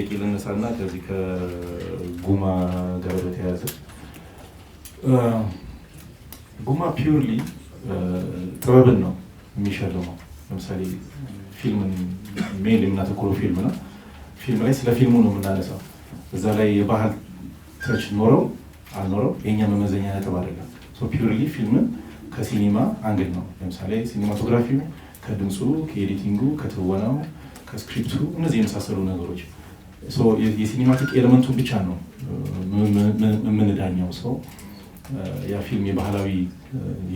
ጥያቄ ልነሳና ከዚህ ከጉማ ጋር በተያያዘ ጉማ ፒውርሊ ጥበብን ነው የሚሸልመው። ለምሳሌ ፊልምን ሜል የምናተኩረው ፊልም ነው። ፊልም ላይ ስለ ፊልሙ ነው የምናነሳው። እዛ ላይ የባህል ተች ኖረው አልኖረው የኛ መመዘኛ ነጥብ አይደለም። ፒውርሊ ፊልምን ከሲኒማ አንግል ነው። ለምሳሌ ሲኒማቶግራፊው፣ ከድምፁ፣ ከኤዲቲንጉ፣ ከትወናው፣ ከስክሪፕቱ እነዚህ የመሳሰሉ ነገሮች የሲኒማቲክ ኤለመንቱን ብቻ ነው የምንዳኛው። ሰው ያ ፊልም የባህላዊ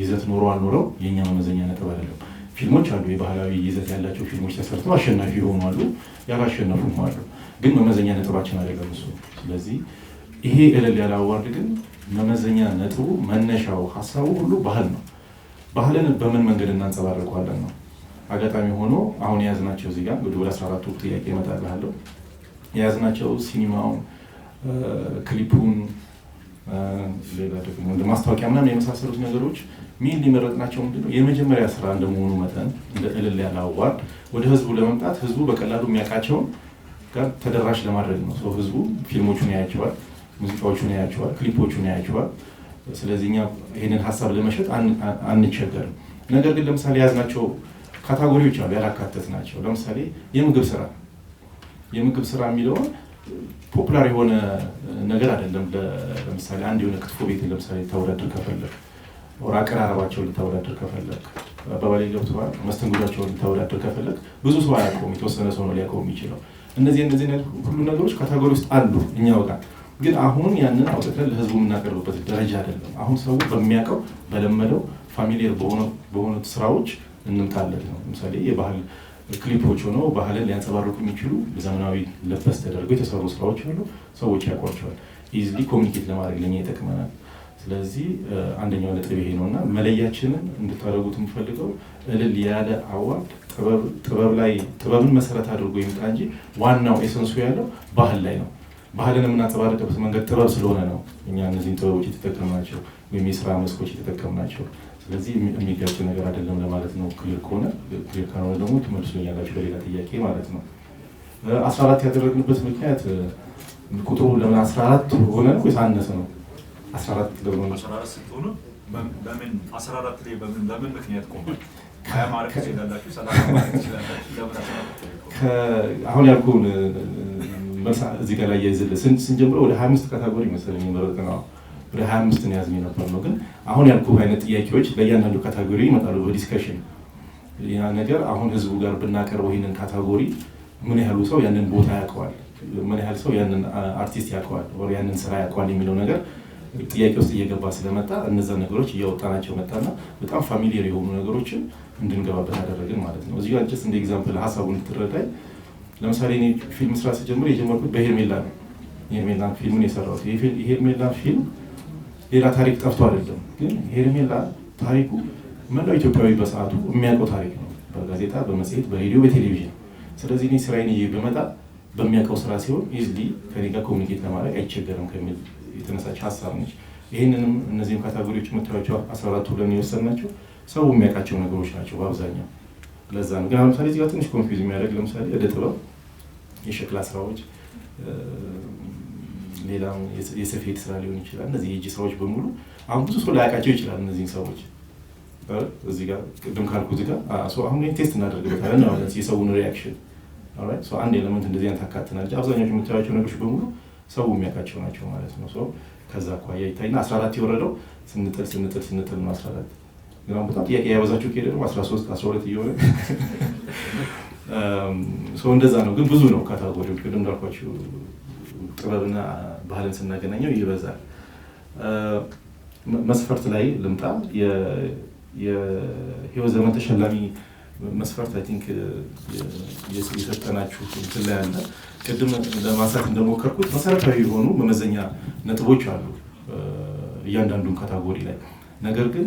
ይዘት ኖሮ አልኖረው የእኛ መመዘኛ ነጥብ አይደለም። ፊልሞች አሉ፣ የባህላዊ ይዘት ያላቸው ፊልሞች ተሰርተው አሸናፊ የሆኑ አሉ፣ ያላሸነፉም አሉ። ግን መመዘኛ ነጥባችን አይደለም እሱ። ስለዚህ ይሄ እልል ያለ አዋርድ ግን መመዘኛ ነጥቡ መነሻው ሀሳቡ ሁሉ ባህል ነው። ባህልን በምን መንገድ እናንጸባርቀዋለን ነው። አጋጣሚ ሆኖ አሁን የያዝናቸው እዚህ ጋር ወደ 14ቱ ጥያቄ እመጣልሃለሁ የያዝናቸው ሲኒማውን፣ ክሊፑን፣ ሌላ ደግሞ እንደ ማስታወቂያ ምናምን የመሳሰሉት ነገሮች ሚን ሊመረጥናቸው ምንድነው የመጀመሪያ ስራ እንደመሆኑ መጠን እንደ እልል ያለ አዋርድ ወደ ህዝቡ ለመምጣት ህዝቡ በቀላሉ የሚያውቃቸውን ጋር ተደራሽ ለማድረግ ነው። ሰው ህዝቡ ፊልሞቹን ያያቸዋል፣ ሙዚቃዎቹን ያያቸዋል፣ ክሊፖቹን ያያቸዋል። ስለዚህ እኛ ይህንን ሀሳብ ለመሸጥ አንቸገርም። ነገር ግን ለምሳሌ የያዝናቸው ካታጎሪዎች አሉ ያላካተት ናቸው። ለምሳሌ የምግብ ስራ የምግብ ስራ የሚለውን ፖፑላር የሆነ ነገር አይደለም። ለምሳሌ አንድ የሆነ ክትፎ ቤት ለምሳሌ ልታወዳድር ከፈለግ ወር አቀራረባቸውን ልታወዳድር ከፈለግ በባሌ ገብቶ መስተንግዷቸውን ልታወዳድር ከፈለግ ብዙ ሰው አያውቀውም። የተወሰነ ሰው ነው ሊያውቀው የሚችለው። እነዚህ እነዚህ ሁሉ ነገሮች ካታጎሪ ውስጥ አሉ እኛ ጋር ግን አሁን ያንን አውጥተን ለህዝቡ የምናቀርብበት ደረጃ አይደለም። አሁን ሰው በሚያውቀው በለመደው ፋሚሊየር በሆኑት ስራዎች እንምታለት ነው። ለምሳሌ የባህል ክሊፖች ሆነው ባህልን ሊያንጸባርቁ የሚችሉ በዘመናዊ ለበስ ተደርገው የተሰሩ ስራዎች አሉ። ሰዎች ያውቋቸዋል። ኢዝሊ ኮሚኒኬት ለማድረግ ለኛ ይጠቅመናል። ስለዚህ አንደኛው ነጥብ ይሄ ነው እና መለያችንን እንድታደርጉት የምፈልገው እልል ያለ አዋርድ ጥበብ ላይ ጥበብን መሰረት አድርጎ ይምጣ እንጂ ዋናው ኤሰንሱ ያለው ባህል ላይ ነው። ባህልን የምናንጸባርቅበት መንገድ ጥበብ ስለሆነ ነው እኛ እነዚህን ጥበቦች የተጠቀምናቸው ወይም የስራ መስኮች የተጠቀምናቸው። ስለዚህ የሚጋጭ ነገር አይደለም ለማለት ነው። ክሊር ከሆነ ክሊር ከሆነ ደግሞ ትመልሱኛላችሁ በሌላ ጥያቄ ማለት ነው። አስራ አራት ያደረግንበት ምክንያት ቁጥሩ ለምን አስራ አራት ሆነ ነው ወይስ አነሰ ነው? አስራ አራት ለምን ስትሆኑ በምን አስራ አራት ላይ በምን በምን ምክንያት ቆመ? አሁን ያልኩህን መልስ እዚህ ጋር ላይ ያይዝልህ ስንጀምረው ወደ ሀያ አምስት ካታጎሪ መሰለኝ የመረጥነው ወደ ሀያ ነው ያዝም የነበር ነው። ግን አሁን ያልኩ አይነት ጥያቄዎች በእያንዳንዱ ካታጎሪ ይመጣሉ በዲስከሽን ያ ነገር አሁን ህዝቡ ጋር ብናቀርበው ይህንን ካታጎሪ ምን ያህሉ ሰው ያንን ቦታ ያውቀዋል፣ ምን ያህል ሰው ያንን አርቲስት ያውቀዋል፣ ያንን ስራ ያውቀዋል የሚለው ነገር ጥያቄ ውስጥ እየገባ ስለመጣ እነዛ ነገሮች እያወጣናቸው መጣና በጣም ፋሚሊየር የሆኑ ነገሮችን እንድንገባበት አደረግን ማለት ነው። እዚህ ጋር እንደ ኤግዛምፕል ሀሳቡ እንድትረዳኝ፣ ለምሳሌ እኔ ፊልም ስራ ስጀምር የጀመርኩት በሄርሜላ ነው። ሄርሜላ ፊልምን የሰራሁት ይሄ ፊልም ሌላ ታሪክ ጠፍቶ አይደለም። ግን ሄርሜላ ታሪኩ መላው ኢትዮጵያዊ በሰዓቱ የሚያውቀው ታሪክ ነው፣ በጋዜጣ በመጽሔት በሬዲዮ በቴሌቪዥን። ስለዚህ እኔ ስራዬን ይዤ በመጣ በሚያውቀው ስራ ሲሆን ኢዝሊ ከኔ ጋር ኮሚኒኬት ለማድረግ አይቸገርም ከሚል የተነሳች ሀሳብ ነች። ይህንንም እነዚህም ካታጎሪዎች የምታዩቸው አስራ አራቱ ብለን ሰው የሚያውቃቸው ነገሮች ናቸው በአብዛኛው። ለዛ ነው ግን ለምሳሌ እዚህ ጋር ትንሽ ኮንፊውዝ የሚያደርግ ለምሳሌ እደ ጥበብ የሸክላ ስራዎች ሌላ የስፌት ስራ ሊሆን ይችላል። እነዚህ የእጅ ስራዎች በሙሉ አሁን ብዙ ሰው ላያውቃቸው ይችላል። እነዚህን ሰዎች እዚህ ጋር ቅድም ካልኩት ጋር አሁን ግን ቴስት እናደርግበታለን ማለት የሰውን ሪያክሽን አንድ ኤለመንት እንደዚህ አይነት አካትናል። አብዛኛዎቹ የምታያቸው ነገሮች በሙሉ ሰው የሚያውቃቸው ናቸው ማለት ነው። ሰው ከዛ አኳያ ይታይና 14 የወረደው ስንጥል ስንጥል ስንጥል ነው 14 ግን በጣም ጥያቄ ያበዛችሁ ከሄደ ደግሞ 13 12 እየሆነ ሰው እንደዛ ነው። ግን ብዙ ነው ካታጎሪው። ቅድም እንዳልኳችሁ ጥበብና ባህልን ስናገናኘው ይበዛል። መስፈርት ላይ ልምጣ። የህይወት ዘመን ተሸላሚ መስፈርት አይ ቲንክ የሰጠናችሁ እንትን ላይ አለ። ቅድም ለማንሳት እንደሞከርኩት መሰረታዊ የሆኑ መመዘኛ ነጥቦች አሉ እያንዳንዱን ካታጎሪ ላይ ነገር ግን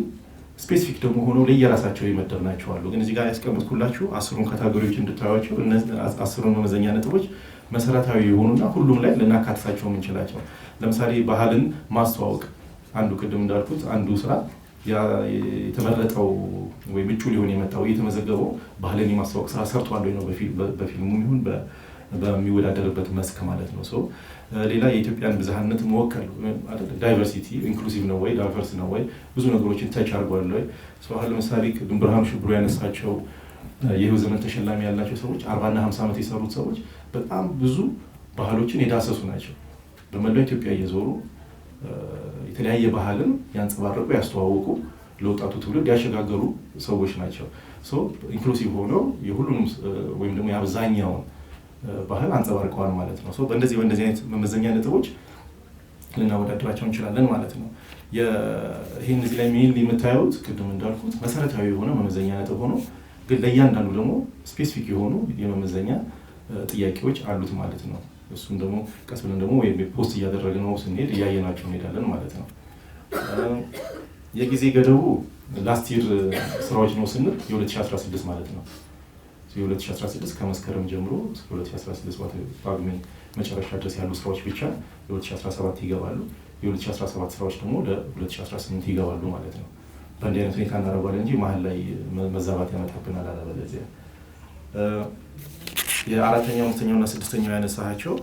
ስፔሲፊክ ደግሞ ሆኖ ለየራሳቸው የመደብናቸው አሉ። ግን እዚህ ጋር ያስቀምጥኩላችሁ አስሩን ካታጎሪዎች እንድታዩዋቸው አስሩን መመዘኛ ነጥቦች መሰረታዊ የሆኑና ሁሉም ላይ ልናካትታቸው የምንችላቸው ለምሳሌ ባህልን ማስተዋወቅ አንዱ ቅድም እንዳልኩት አንዱ ስራ የተመረጠው ወይም እጩ ሊሆን የመጣው የተመዘገበው ባህልን የማስተዋወቅ ስራ ሰርቷል ወይ ነው በፊልሙ ይሁን በሚወዳደርበት መስክ ማለት ነው። ሰው ሌላ የኢትዮጵያን ብዝሃነት መወከል ዳይቨርሲቲ ኢንክሉሲቭ ነው ወይ ዳይቨርስ ነው ወይ ብዙ ነገሮችን ተች አድርጓል ወይ ሰው አሁን ለምሳሌ ብርሃኑ ሽብሩ ያነሳቸው የህይወት ዘመን ተሸላሚ ያላቸው ሰዎች አርባና ሀምሳ ዓመት የሰሩት ሰዎች በጣም ብዙ ባህሎችን የዳሰሱ ናቸው። በመላው ኢትዮጵያ እየዞሩ የተለያየ ባህልን ያንጸባረቁ ያስተዋወቁ ለወጣቱ ትውልድ ያሸጋገሩ ሰዎች ናቸው። ኢንክሉሲቭ ሆነው የሁሉንም ወይም ደግሞ የአብዛኛውን ባህል አንጸባርቀዋል ማለት ነው። በእንደዚህ በእንደዚህ አይነት መመዘኛ ነጥቦች ልናወዳደራቸው እንችላለን ማለት ነው። ይህን እዚህ ላይ ሚል የምታዩት ቅድም እንዳልኩት መሰረታዊ የሆነ መመዘኛ ነጥብ ሆኖ ግን ለእያንዳንዱ ደግሞ ስፔሲፊክ የሆኑ የመመዘኛ ጥያቄዎች አሉት ማለት ነው። እሱም ደግሞ ቀስ ብለን ደግሞ ወይም ፖስት እያደረግነው ስንሄድ እያየናቸው እንሄዳለን ማለት ነው። የጊዜ ገደቡ ላስት ይር ስራዎች ነው ስንል የ2016 ማለት ነው። የ2016 ከመስከረም ጀምሮ 2016 ጳጉሜ መጨረሻ ድረስ ያሉ ስራዎች ብቻ የ2017 ይገባሉ። የ2017 ስራዎች ደግሞ ወደ 2018 ይገባሉ ማለት ነው። በእንዲህ አይነት ሁኔታ እናደርጋለን እንጂ መሀል ላይ መዛባት ያመጣብናል። አለበለዚያ የአራተኛው አምስተኛውና ስድስተኛው ያነሳቸው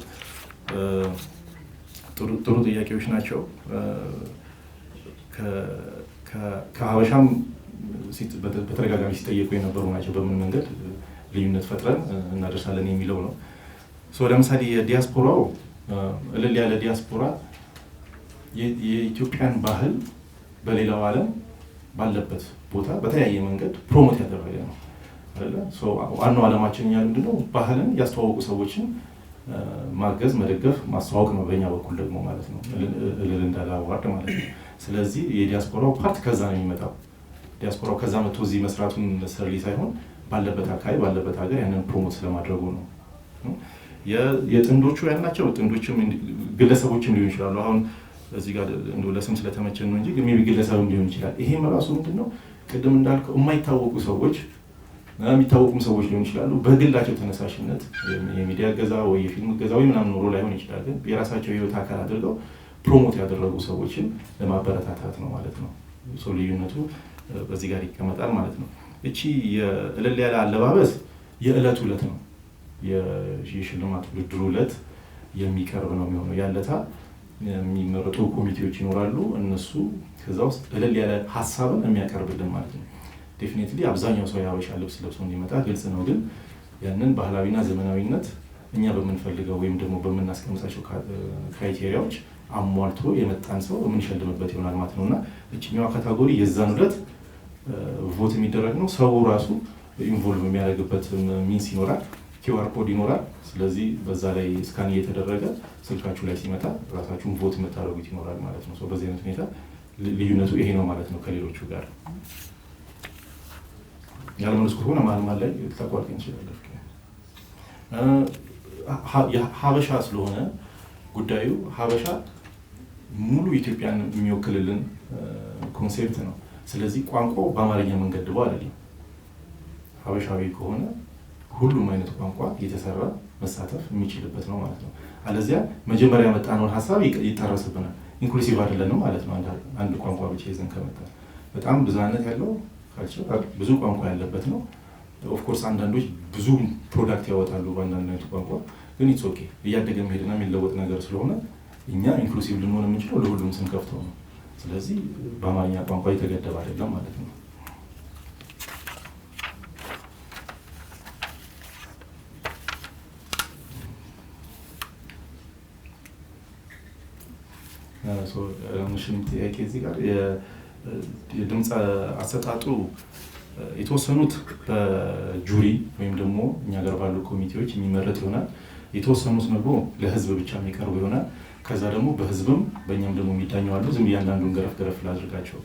ጥሩ ጥያቄዎች ናቸው። ከሀበሻም በተደጋጋሚ ሲጠየቁ የነበሩ ናቸው። በምን መንገድ ልዩነት ፈጥረን እናደርሳለን የሚለው ነው። ለምሳሌ የዲያስፖራው እልል ያለ ዲያስፖራ የኢትዮጵያን ባህል በሌላው ዓለም ባለበት ቦታ በተለያየ መንገድ ፕሮሞት ያደረገ ነው። ዋናው ዓላማችን እኛ ምንድነው ባህልን ያስተዋወቁ ሰዎችን ማገዝ፣ መደገፍ፣ ማስተዋወቅ ነው። በኛ በኩል ደግሞ ማለት ነው እልል እንዳለ አዋርድ ማለት ነው። ስለዚህ የዲያስፖራው ፓርት ከዛ ነው የሚመጣው። ዲያስፖራው ከዛ መጥቶ እዚህ መስራቱን መሰረሊ ሳይሆን ባለበት አካባቢ ባለበት ሀገር ያንን ፕሮሞት ስለማድረጉ ነው። የጥንዶቹ ያናቸው ጥንዶችም ግለሰቦችም ሊሆን ይችላሉ። አሁን እዚህ ጋር ለስም ስለተመቸን ነው እንጂ ግለሰብም ሊሆን ይችላል። ይሄም ራሱ ምንድን ነው ቅድም እንዳልከው የማይታወቁ ሰዎች የሚታወቁም ሰዎች ሊሆን ይችላሉ። በግላቸው ተነሳሽነት የሚዲያ ገዛ ወይ የፊልም ገዛ ወይ ምናምን ኖሮ ላይሆን ይችላል። ግን የራሳቸው የህይወት አካል አድርገው ፕሮሞት ያደረጉ ሰዎችን ለማበረታታት ነው ማለት ነው። ሰው ልዩነቱ በዚህ ጋር ይቀመጣል ማለት ነው። እቺ እለል ያለ አለባበስ የዕለት ዕለት ነው የሽልማት ውድድሩ ዕለት የሚቀርብ ነው የሚሆነው። ያለታ የሚመረጡ ኮሚቴዎች ይኖራሉ። እነሱ ከዛ ውስጥ እልል ያለ ሀሳብን የሚያቀርብልን ማለት ነው። ዴፊኔትሊ አብዛኛው ሰው የሀበሻ ልብስ ለብሶ እንዲመጣ ግልጽ ነው። ግን ያንን ባህላዊና ዘመናዊነት እኛ በምንፈልገው ወይም ደግሞ በምናስቀምጣቸው ክራይቴሪያዎች አሟልቶ የመጣን ሰው የምንሸልምበት ይሆናል ማለት ነው እና እችኛዋ ካታጎሪ የዛን ዕለት ቮት የሚደረግ ነው። ሰው ራሱ ኢንቮልቭ የሚያደርግበት ሚንስ ይኖራል፣ ኪዋር ኮድ ይኖራል። ስለዚህ በዛ ላይ ስካን እየተደረገ ስልካችሁ ላይ ሲመጣ ራሳችሁን ቮት የምታደርጉት ይኖራል ማለት ነው። በዚህ አይነት ሁኔታ ልዩነቱ ይሄ ነው ማለት ነው ከሌሎቹ ጋር። ያለመለስ ከሆነ ማልማል ላይ ልታቋርጠኝ እንችላለን። ሀበሻ ስለሆነ ጉዳዩ ሀበሻ ሙሉ ኢትዮጵያን የሚወክልልን ኮንሴፕት ነው። ስለዚህ ቋንቋው በአማርኛ መንገድ የምንገድበው አይደለም። ሀበሻዊ ከሆነ ሁሉም አይነት ቋንቋ የተሰራ መሳተፍ የሚችልበት ነው ማለት ነው። አለዚያ መጀመሪያ ያመጣነውን ሀሳብ ይጣረስብናል። ኢንክሉሲቭ አይደለንም ማለት ነው። አንድ ቋንቋ ብቻ ይዘን ከመጣ በጣም ብዙ አይነት ያለው ብዙ ቋንቋ ያለበት ነው። ኦፍኮርስ አንዳንዶች ብዙ ፕሮዳክት ያወጣሉ በአንዳንድ አይነት ቋንቋ ግን ኢትስ ኦኬ እያደገ መሄድና የሚለወጥ ነገር ስለሆነ እኛ ኢንክሉሲቭ ልንሆን የምንችለው ለሁሉም ስንከፍተው ነው። ስለዚህ በአማርኛ ቋንቋ የተገደበ አይደለም ማለት ነው። ሙሽም ጥያቄ እዚህ ጋር የድምፅ አሰጣጡ የተወሰኑት በጁሪ ወይም ደግሞ እኛ ጋር ባሉ ኮሚቴዎች የሚመረጥ ይሆናል። የተወሰኑት ደግሞ ለህዝብ ብቻ የሚቀርቡ ይሆናል። ከዛ ደግሞ በህዝብም በእኛም ደግሞ የሚዳኘዋሉ። ዝም እያንዳንዱን ገረፍ ገረፍ ላድርጋቸው።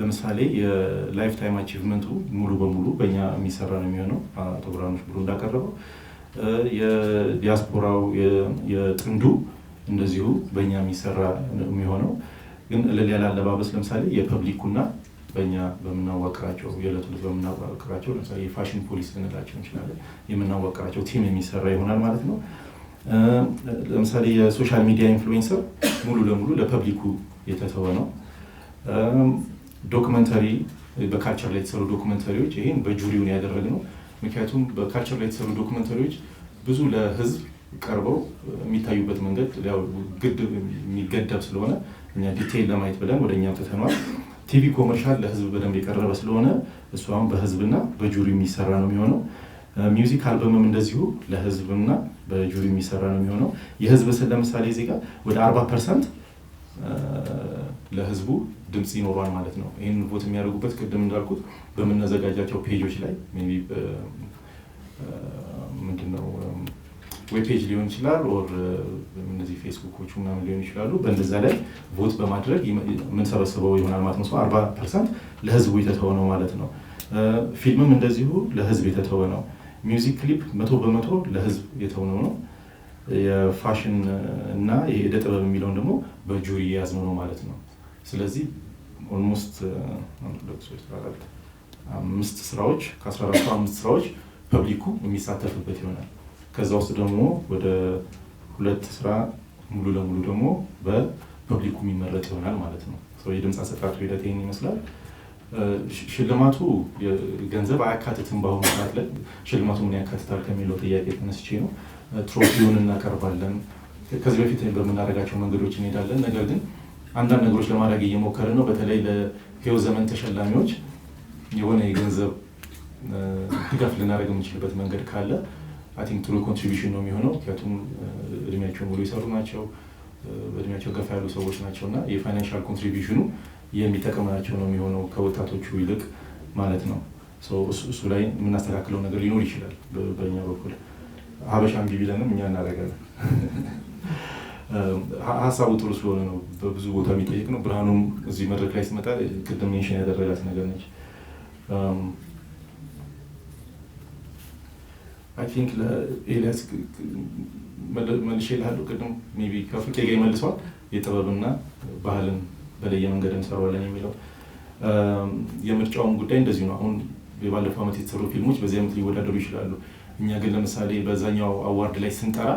ለምሳሌ የላይፍ ታይም አቺቭመንቱ ሙሉ በሙሉ በእኛ የሚሰራ ነው የሚሆነው። አቶ ብርሃኖች ብሎ እንዳቀረበው የዲያስፖራው የጥንዱ እንደዚሁ በእኛ የሚሰራ የሚሆነው ግን እልል ያለ አለባበስ ለምሳሌ የፐብሊኩና በእኛ በምናዋቅራቸው የዕለት ዕለት በምናዋቅራቸው ለምሳሌ የፋሽን ፖሊስ ልንላቸው እንችላለን የምናዋቅራቸው ቲም የሚሰራ ይሆናል ማለት ነው። ለምሳሌ የሶሻል ሚዲያ ኢንፍሉዌንሰር ሙሉ ለሙሉ ለፐብሊኩ የተተወ ነው። ዶክመንተሪ በካልቸር ላይ የተሰሩ ዶክመንተሪዎች ይህን በጁሪውን ነው። ምክንያቱም በካልቸር ላይ የተሰሩ ዶክመንተሪዎች ብዙ ለህዝብ ቀርበው የሚታዩበት መንገድ ግድ የሚገደብ ስለሆነ እኛ ዲቴይል ለማየት ብለን ወደ እኛ ጥተነዋል። ቲቪ ኮመርሻል ለህዝብ በደንብ የቀረበ ስለሆነ እሱ አሁን በህዝብና በጁሪ የሚሰራ ነው የሚሆነው። ሚውዚክ አልበምም እንደዚሁ ለህዝብና በጁሪ የሚሰራ ነው የሚሆነው። የህዝብ ስል ለምሳሌ እዚህ ጋር ወደ 40 ፐርሰንት ለህዝቡ ድምፅ ይኖሯል ማለት ነው። ይህን ቦት የሚያደርጉበት ቅድም እንዳልኩት በምናዘጋጃቸው ፔጆች ላይ ምንድነው ዌብፔጅ ሊሆን ይችላል፣ ኦር እነዚህ ፌስቡኮቹ ምናምን ሊሆን ይችላሉ። በእንደዛ ላይ ቮት በማድረግ የምንሰበስበው ይሆናል ማለት ነው። አርባ ፐርሰንት ለህዝቡ የተተወ ነው ማለት ነው። ፊልምም እንደዚሁ ለህዝብ የተተወ ነው። ሚውዚክ ክሊፕ መቶ በመቶ ለህዝብ የተውነው ነው። የፋሽን እና የእደ ጥበብ የሚለውን ደግሞ በጁሪ የያዝነው ነው ማለት ነው። ስለዚህ ኦልሞስት አምስት ስራዎች ከአስራ አራቱ አምስት ስራዎች ፐብሊኩ የሚሳተፍበት ይሆናል። ከዛ ውስጥ ደግሞ ወደ ሁለት ስራ ሙሉ ለሙሉ ደግሞ በፐብሊኩ የሚመረጥ ይሆናል ማለት ነው። የድምፅ አሰጣጡ ሂደት ይህን ይመስላል። ሽልማቱ ገንዘብ አያካትትም። በአሁኑ ሰዓት ላይ ሽልማቱ ምን ያካትታል ከሚለው ጥያቄ ተነስቼ ነው። ትሮፊውን እናቀርባለን። ከዚህ በፊት በምናደርጋቸው መንገዶች እንሄዳለን። ነገር ግን አንዳንድ ነገሮች ለማድረግ እየሞከርን ነው። በተለይ ለህይወት ዘመን ተሸላሚዎች የሆነ የገንዘብ ድጋፍ ልናደርግ የምንችልበት መንገድ ካለ አን ትሩ ኮንትሪቢሽን ነው የሚሆነው። ምክንያቱም እድሜያቸው ሙሉ የሰሩ ናቸው፣ በእድሜያቸው ገፋ ያሉ ሰዎች ናቸው እና የፋይናንሻል ኮንትሪቢሽኑ የሚጠቅማቸው ነው የሚሆነው ከወጣቶቹ ይልቅ ማለት ነው። እሱ ላይ የምናስተካክለው ነገር ሊኖር ይችላል። በእኛ በኩል ሀበሻም ቢቢ ለንም እኛ እናደርጋለን። ሀሳቡ ጥሩ ስለሆነ ነው በብዙ ቦታ የሚጠየቅ ነው። ብርሃኑም እዚህ መድረክ ላይ ስመጣ ቅድም ሜንሽን ያደረጋት ነገር ነች። አይ ቲንክ ለኤልያስ መልሼ ላለው ቅድም ሜይ ቢ ከፍቄ መልሷል የጥበብና ባህልን በለየ መንገድ እንሰራዋለን የሚለው የምርጫውን ጉዳይ እንደዚሁ ነው። አሁን የባለፈው ዓመት የተሰሩ ፊልሞች በዚህ ዓመት ሊወዳደሩ ይችላሉ። እኛ ግን ለምሳሌ በዛኛው አዋርድ ላይ ስንጠራ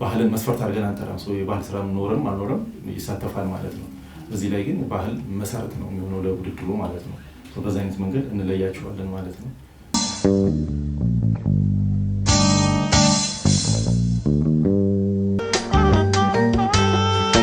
ባህልን መስፈርት አድርገን አንጠራም። ሰው የባህል ስራ ኖረም አልኖረም ይሳተፋል ማለት ነው። እዚህ ላይ ግን ባህል መሰረት ነው የሚሆነው ለውድድሩ ማለት ነው። በዛ አይነት መንገድ እንለያቸዋለን ማለት ነው።